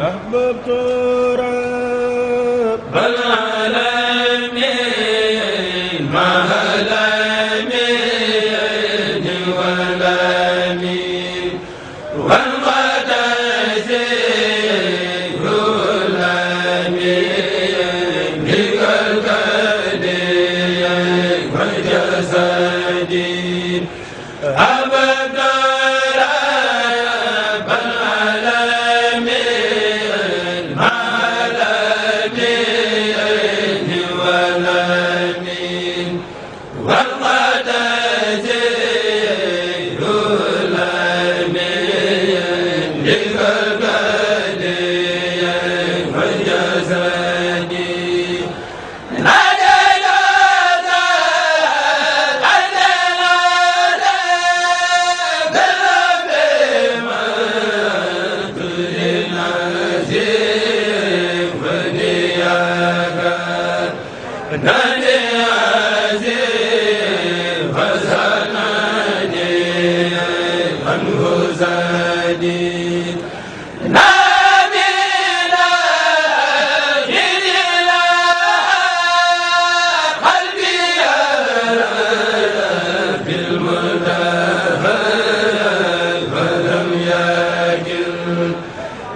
أحببت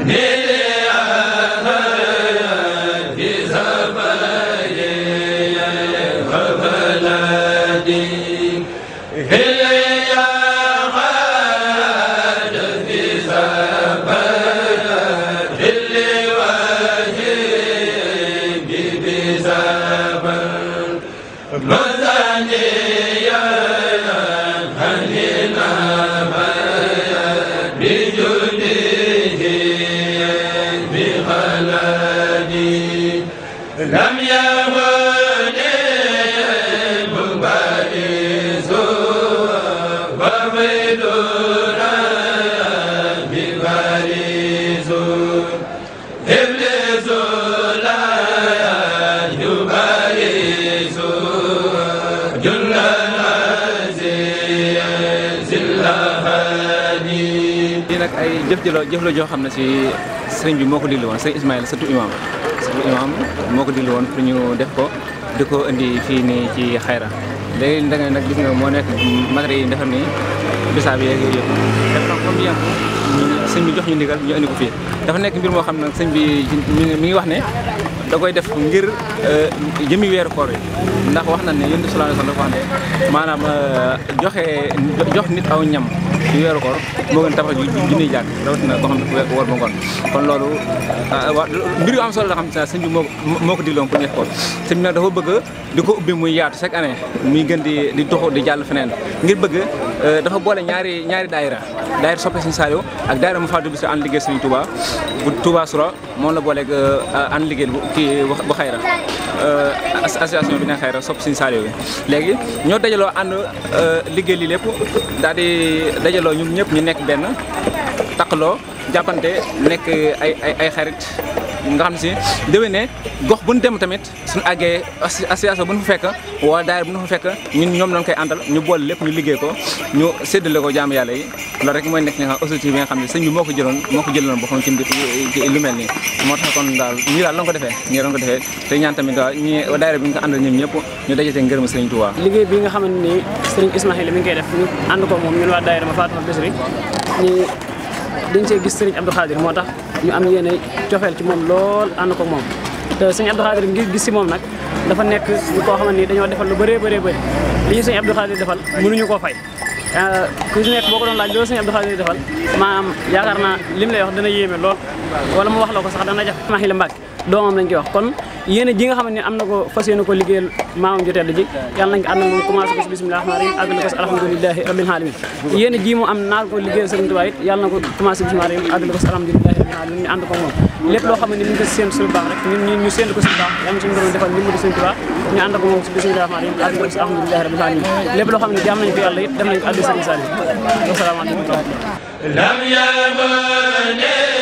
en el jëf ji la jëf joo xam ne si sëñ bi moo ko dilli woon sëriñ Ismaïla surtout imam surtout imam moo ko dilli woon pour ñu def ko di ko indi fii nii ci xayra léegi da nag gis nga moo nekk matériel yi defar nii bisaab yeeg sëñ bi jox ñu ndigal ñu ko fii dafa nekk mbir moo xam ne sëñ bi mi ngi wax ne da koy def ngir euh, jëmi weeru koor yi ndax wax na ne yonent bi sallallahu alayhi wasallam wax ne maanaam euh, joxe jox nit aw ñam ci weeru koor moo gën tabax ju junniy jàkk rawatina koo xam ne ba ngoon kon loolu ah, waaw mbir yu am solo la xam ne sëñ moo ko digloon ku ñeex ko sëñ bi nag dafa bëgg di ko ubbi muy yaatu chaque année muy gën di di tuxu di jàll feneen ngir bëgg eh, dafa boole ñaari ñaari daayira daayira soppe sëñ Saliou ak daayira mu fàttu bi si ànd liggéey sëñ Touba bu Touba Sura moom la booleeg eh, ànd liggéey bu kii bu xayra eh, association bi ne xayra sopp bi léegi ñoo dajaloo ànd liggéey li lépp daal di dajaloo ñun ñëpp ñu nekk benn taqaloo jàppante nek ay ay ay xarit nga xam si déwénee gox buñu dem tamit suñu agge association buñu fekk wa daay buñu fekk ñun ñom lañ koy andal ñu bol lepp ñu liggé ko ñu séddale ko jaamu yalla yi loolu rek moy nek nga xam bi nga xam ni señ bi moko jëlon moko moo ko jëloon ci mbir ci lu melni nii tax kon dal ñii dal lañ ko défé ñi lañ ko défé té ñaan tamit waaw ñi daayira bi ñu ko àndal ñoom ñëpp ñu dajatee ngeerum señ touba liggé bi nga xamante ni sëriñ Ismaïla mi ngi koy def ñu and ko mom ñun wa daayira ma Faatuma Bisri dañ see gis sëriñ Abdou Khadir moo tax ñu am yéene cofeel ci moom lool ànd ko moom te sëriñ Abdou Khadir ngir gis si moom nag dafa nekk ñu koo xamante ni dañoo defal lu bëree bëree bëri li ñu sëriñ Abdou Khadir defal mënuñu koo fay euh, ku ci nekk boo ko doon laaj loolu sëriñ Abdou Khadir defal maanaam yaakaar naa lim lay wax dana yéeme lool wala mu wax loo ko sax dana jafe Mahila Mbacke doomam lañ ci wax kon yene ji nga xamanteni amna ko fasiyene ko liggéeyal maam ju tedd ji yalla nañ ko mo moom commencé ko si bisimilah rahim àggal ko si rabbil alamin yene ji mu am na ko liggéeyal sëriñ Tuubaa it yàlla na ko commencé bisimilah rahim àggal ko si rabbil alamin ñu and ko mom lepp lo xamanteni ne ni ngi ko séen suñu baax rek ñun ñu seen ko sul baax yàlla suñu doon defal ndimbal serigne touba ñu and ko mom si bisimilah rahmaan rahim àggal ko si rabbil alamin lepp lo xamanteni ne nañ ko yalla it dem nañ ko addu serigne àggal sëriñ Saliou wasalaamaaleykum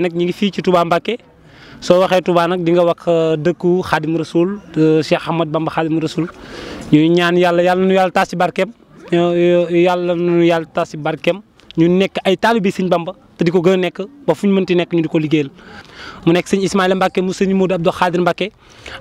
nag ñu ngi fii ci Touba Mbacké soo waxee tubaa nag di nga wax euh, dëkku Xaadim Rasul euh, Cheikh Ahmad Bamba Xaadim Rasul ñu ñaan yàlla yàlla nu yàlla taas ci barkeem yàlla nu yàlla taas ci barkeem ñu nekk ay bi Sëñ Bamba te di ko gën a nekk ba fu ñu mënti nekk ñu di ko liggéeyal mu nekk sëñ Ismaïla Mbacke mu sëñ Modou Abdou Khadir Mbacke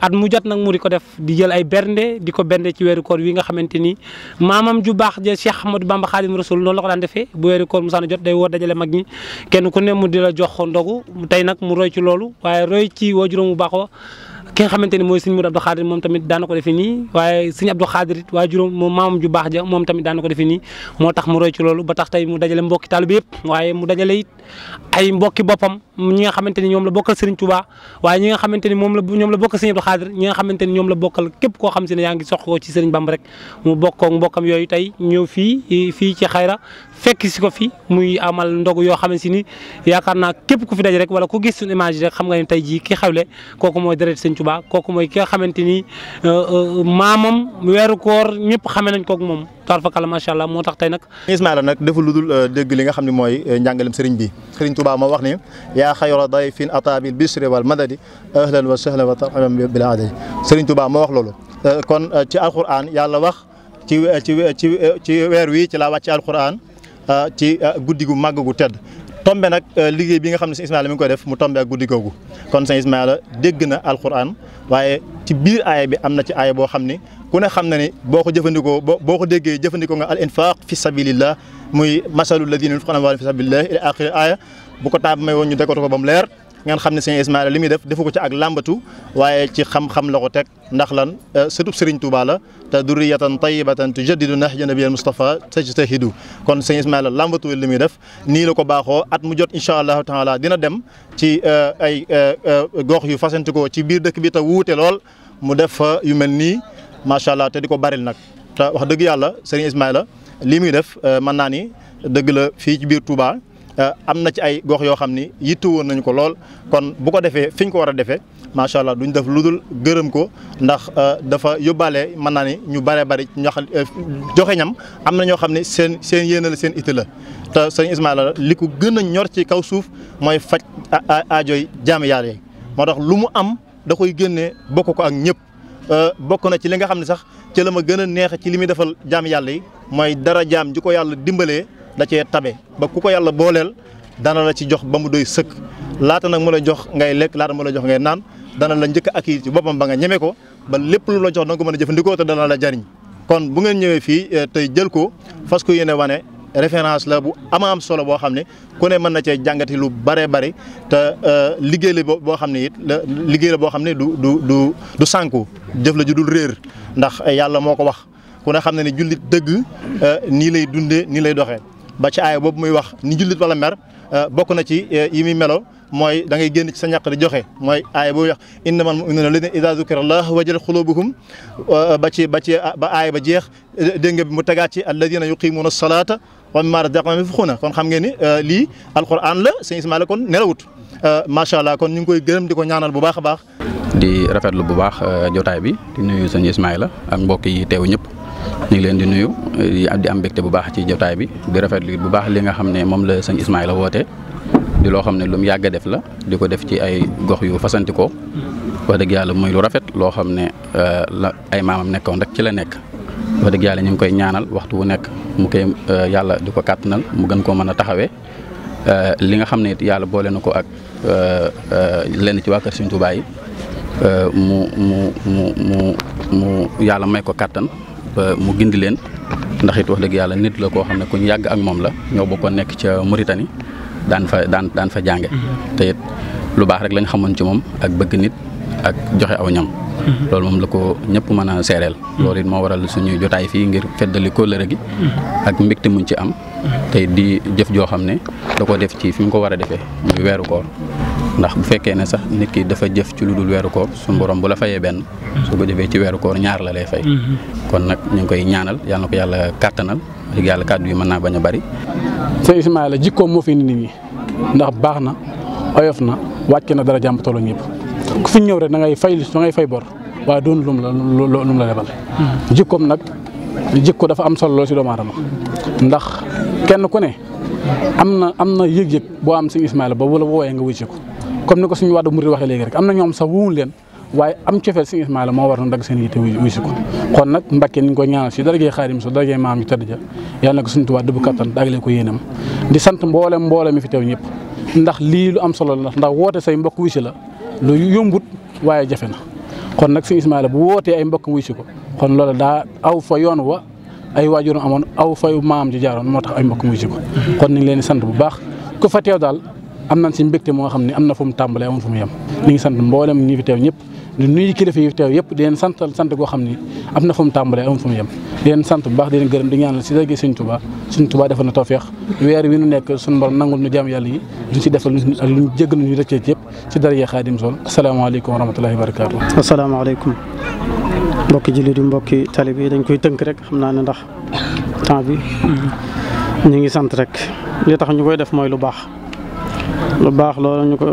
at mu jot nag mu di ko def di jël ay bernde di ko bernde ci weeru koor wi nga xamante ni maamam ju baax ja Cheikh Ahmadou Bamba Khadim Rasoul noonu la ko daan defee bu weeru koor musaana jot day woo dajale mag ñi kenn ku ne mu di la jox ndogu tey nag mu roy ci loolu waaye roy ci waajuram bu baax ki nga xamante ni mooy sëñ Abdou Khadir mom tamit danako na ni waye seigne Abdou Khadir wa waa juróom moom ju bax ja mom tamit danako na ni motax mu roy ci loolu ba tax tay mu dajale mbokki taalibe bi waye mu dajale it ay mbokki bopam ñi nga xamanteni ñom la bokkal seigne Touba waye ñi nga xamanteni mom la ñom la bokkal seigne Abdou Khadir ñi nga xamanteni ñom la bokkal kep ko xam si ne yaa ngi sox ko ci seigne bam rek mu bokkoo mbokam yoyu tay ñew fi eh, fi ci khayra fekk ci ko fi muy amal ndogu yoo xamante ni yaakaar kep ku fi daj rek wala ku gis sun image rek xam nga ni tay ji ki xawle koku moy deret seigne Touba kooku mooy ki nga xamante ni maamam weeru koor ñëpp xame nañ kook moom taal fa kàlla macha allah moo tax tey nag. Ismaila nag deful lu dul dégg li nga xam ne mooy njàngalem sëriñ bi sëriñ Touba moo wax ni yaa xayra dayfin ataa bil bishri wal madadi ahlan wa sahlan wa tarhaban bil adadi sëriñ Touba moo wax loolu kon ci alquran yàlla wax ci ci ci weer wi ci laa wàcc alquran ci guddi gu màgg gu tedd. tombe nak liggéey bi nga xamné ne sëñ Ismaila mi ngi koy def mu tombe ak guddi gogou kon sëñ Ismaila dégg na alcorane wayé ci biir aaya bi amna ci aaya bo xamné ku ne xamné ni boko jëfëndiko boko déggé jëfëndiko nga al infaq fi sabilillah muy masalul ladina yunfiquna fi sabilillah ila akhir aaya bu ko tab may won ñu décoré ko bam mu leer ngeen xam seigne Ismaila limi def defuko ci ak làmbatu waye ci xam-xam lako tek ndax lan sëtub Serigne Touba la ta durriyatan tayyibatan tujaddidu nahja nabiyil Mustafa tajtahidu kon seigne Ismaila làmbatu limi def ni lako baxo at mu jot inshallah taala dina dem ci ay gox yu fasantikoo ci bir dëkk bi ta wute lol mu def fa yu melni ma sha allah te diko baril nak te wax deug yàlla sëñ Ismaila limi def man nani deug la fi ci bir Touba. Euh, am na ci ay gox yoo xam ni yitte woon nañu ko lool kon bu ko defee fi ñu ko war a defee macha allah duñ def lu dul gërëm ko ndax euh, dafa yóbbaale mën naa ni ñu bare bari ñax euh, joxe ñam am na ñoo xam ne seen seen yéene la seen itte la. te sëñ Ismaila li ko gën a ñor ci kaw suuf mooy faj aajoy jaami yàlla yi moo tax lu mu am da koy génnee bokk ko ak ñëpp bokk na ci li nga xam ne sax ci la ma gën a neex ci li muy defal jaami yàlla yi mooy dara jaam ji ko yàlla dimbalee. da cee tabe ba ku ko yàlla booleel dana la ci jox ba mu doy sëkk laata nag mu la jox ngay lekk laata mu la jox ngay naan dana la njëkk ak yi ci boppam ba nga ñeme ko ba lépp lu la jox danga ko mën a jëfandikoo te dana la kon bu ngeen ñëwee fii eh, tey jël ko fas ko yéene wane référence la bu ama am solo boo xam ne ku mën na cee jàngati lu bare bari te eh, liggéey la boo xam ne it liggéey boo xam ne du du du du sànku jëf la ju dul réer ndax yàlla moo ko wax ku ne xam ne ne jullit dëgg eh, nii lay dundee nii lay doxee. ba ci aaya boobu muy wax ni jullit wala mer euh, bokk na ci euh, yi muy melo mooy da ngay génn ci sa ñaq di joxe mooy aaya boobu wax innamal mu'minuna alladhina idha dhukira allah wajilat qulubuhum euh, ba ci ba ci ba aaya ba jeex dégg nga mu tegaat ci alladhina yuqimuna as-salata wa mimma razaqnahum yunfiquna kon xam ngeen ni lii alquran la sëñ Ismaila kon nelawut macha allah kon ñu ngi koy gërëm di ko ñaanal bu baax a baax. di rafetlu bu baax jootaay bi di nuyu sëñ Ismaila ak mbokk yi teew ñëpp. ñu ngi leen di nuyu di am mbégte bu baax ci jotaay bi di rafetlu bu baax li nga xam ne moom la sëñ Ismaïla woote di loo xam ne lu mu yàgg a def la di ko def ci ay gox yu fasantikoo wax dëgg yàlla muy lu rafet loo xam ne euh, la ay maamam nekkoon rek ci la nekk wax dëgg yàlla ñu ngi koy ñaanal waxtu wu nekk mu koy euh, yàlla di ko kàttanal mu gën koo mën a taxawee euh, li nga xam ne it yàlla boole na ko ak lenn ci waa kër Sëñ Tuubaa yi mu mu mu mu mu yàlla may ko kàttan ba mu gindi leen ndax it wax dëgg yàlla nit la koo xam ne ku ñu yàgg ak moom la ñoo bokkoon nekk ca Mauritanie daan fa daan daan fa jànge mm-hmm. te lu baax rek lañ xamoon ci moom ak bëgg nit ak joxe aw ñam mm-hmm. loolu moom la ko ñëpp mën a seereel mm-hmm. loolu it moo waral suñu jotaay fii ngir feddali kóllëre gi ak mbégte muñ ci am tey di jëf joo xam ne da ko def ci fi mu ko war a defee muy weeru koor ndax bu fekkee ne sax nit kii dafa jëf ci lu dul weeru koor suñu borom bu la fayee benn su ko jëfee ci weeru koor ñaar la lay fay mm-hmm. kon nag ñu ngi koy ñaanal yal na ko yàlla kàttanal ak yàlla kàddu yi mën naa bañ a bari sëñ Ismaila jikkoom moo fi nit ñi ndax baax na oyof na wàcc na dara jàmm tollu ñëpp ku fi ñëw rek da ngay fay da fay bor waaye doon lum la lum la lebal mm-hmm. jikkoom nag jikko dafa am solo lool si ndax kenn ku ne am na am na yëg-yëg boo am sëñ Ismaila boobu la woowee nga wuy ko comme ni ko suñu wàddu murid kon nag si darajee di sant mboolem mboolem mi fi teew ñëpp ndax lii lu am solo la ndax woote say mbokk wuy si la lu yombut waaye jafe na kon nag Sëriñ Ismaila bu wootee ay mbokk wuy ko kon loolu daa aw fa yoon wa ay waajuram amoon aw fa maam ji jaaroon moo tax ay mbokk wuy ko kon ñu leen sant bu baax ku fa teew daal am na si mbégte moo xam ne am na fu mu tàmbalee amoon fu mu yem ñu ngi sant mboolem ñi fi teew ñëpp di nuyu kilifa yi fi teew yëpp di leen santal sant goo xam ne am na fu mu tàmbalee amoon fu mu yem di leen sant bu baax di leen gërëm di ñaanal si léegi Sëñ Tuubaa Sëñ Tuubaa defal na tawfeex weer wi nu nekk suñu borom nangul ñu jaam yàlla yi duñ si defal ak luñ jéggal ñu rëccee ci yëpp si daraje Xaadim Sol asalaamaaleykum wa rahmatullahi wa barakaatu asalaamaaleykum mbokki jullit yi mbokki talib yi dañ koy tënk rek xam naa ne ndax temps bi mm-hmm. ñu ngi sant rek li tax ñu koy def mooy lu baax lu baax loolu ñu ko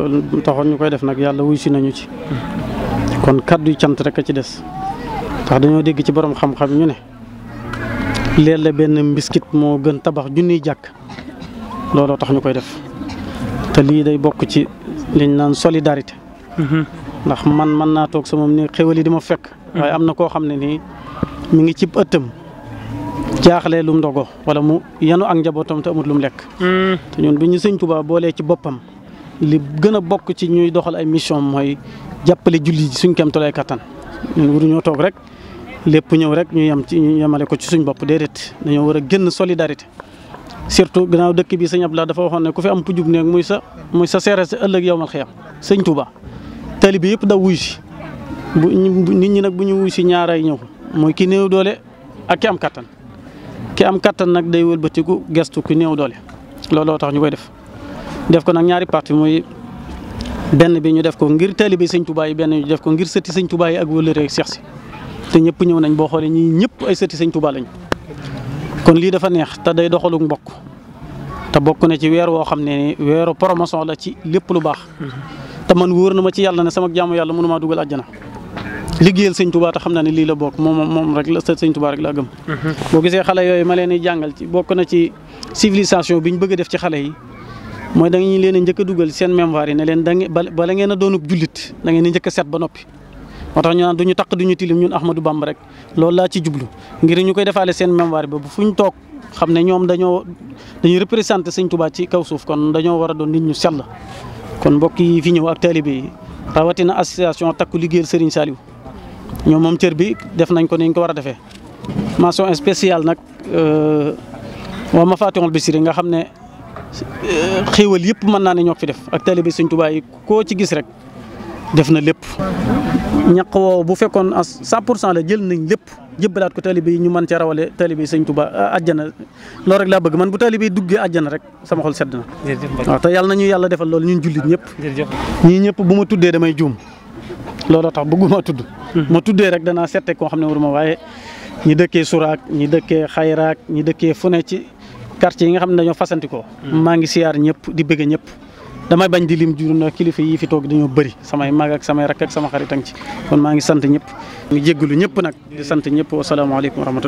taxoon ñu koy def nag yàlla wuy si nañu ci kon kàddu yi cant rek a ci des ndax dañoo dégg ci borom xam-xam ñu ne leel benn mbiskit moo gën tabax junniy jàkk looloo tax ñu koy def te lii day bokk ci liñ naan solidarité mhm. ndax man mën naa toog sama ni xéwal yi di ma fekk waaye am na koo xam ne nii mu ngi ci ëttam jaaxlee lum ndogo wala mu yanu ak njabootam te amut lum lekk. Hmm. te ñun bi ñu sëñ Tuubaa boolee ci boppam li gën a bokk ci ñuy doxal ay mission mooy jàppale julli ji suñ kem tolluwaay kattan ñun waruñoo toog rek lépp ñëw rek ñu yem ci ñu ko ci suñ bopp déedéet dañoo war a solidarité. surtout gannaaw dëkk bi sëñ Abdoulaye dafa waxoon ne ku am pujub neeg muy sa muy sa seere yow mal xiyam sëñ Tuubaa yëpp da wuy si nit ñi nag bu ñu wuy si ñaaray ñëw mooy ki néew doole ak ki am kattan. ki am kattan nag day wëlbatiku gestu ku new doole looloo tax ñu koy def def ko nag ñaari parti mooy benn bi ñu def ko ngir taalibe sëñ Tuubaa yi benn ñu def ko ngir sëti sëñ Tuubaa yi ak wëllëre ak Seex si te ñëpp ñëw nañ boo xoolee ñii ñëpp ay sëti sëñ Tuubaa lañ kon lii dafa neex te day doxalu mbokk te bokk na ci weer woo xam ne weeru promotion la ci lépp lu baax mm-hmm. te man wóor na ma ci yàlla ne sama jaamu yàlla mënuma dugal àjjana liggéeyal sëñ Tuubaa te xam na ne lii la bokk moom moom rek la sëñ Tuubaa rek laa gëm. Mhm. boo gisee xale yooyu ma leen di jàngal ci bokk na ci civilisation bi ñu bëgg a def ci xale yi mooy da ngeen leen a njëkk a dugal seen mémoire yi ne leen da ngeen bala ngeen a doonub jullit da ngeen a njëkk a set ba noppi. moo tax ñu naan du ñu taq du ñu tilim ñun Ahmadou Bamba rek loolu laa ci jublu ngir ñu koy defaale seen mémoire ba bu fu ñu toog xam ne ñoom dañoo dañuy représenté sëñ Tuubaa ci kaw suuf kon dañoo war a doon nit ñu sell kon mbokk yi fi ñëw ak taalibe yi rawatina association takku liggéeyal Serigne Saliou ñom mom cër bi def nañ ko ni ñu ko war a mention spéciale nag euh, waa Mafatihul bisri nga xamné ne euh, xéewal yépp man na ne ñok fi def ak taalibe seigne touba yi ko ci gis rek def na lépp ñak wo bu fekkoon 100 la jël nañ lépp jëbbalaat ko taalibe yi ñu mën cee rawale taalibe seigne touba aljana euh, loolu rek la bëgg man bu taalibe yi duggee àjjana rek sama xol sedd na waaw ta yalla nañu yalla défal lool ñun jullit ñëpp ñi ñëpp bu ma damay joom looloo tax bëgguma tudd. Hmm. ma tuddee rek danaa sette koo xam ne waruma waaye ñi dëkkee Souraak ñi dëkkee Xayraak ñi dëkkee fu ne ci quartier yi nga xam ne dañoo fasantikoo. Hmm. maa ngi siyaar ñëpp di bëgg ñëpp. damay bañ di lim jur na kilifa yi fi toog dañoo bëri samay mag ak samay rakk ak sama xarit ci kon maa ngi sant ñëpp. ñu jéggalu ñëpp nag di sant ñëpp wa salaamaaleykum wa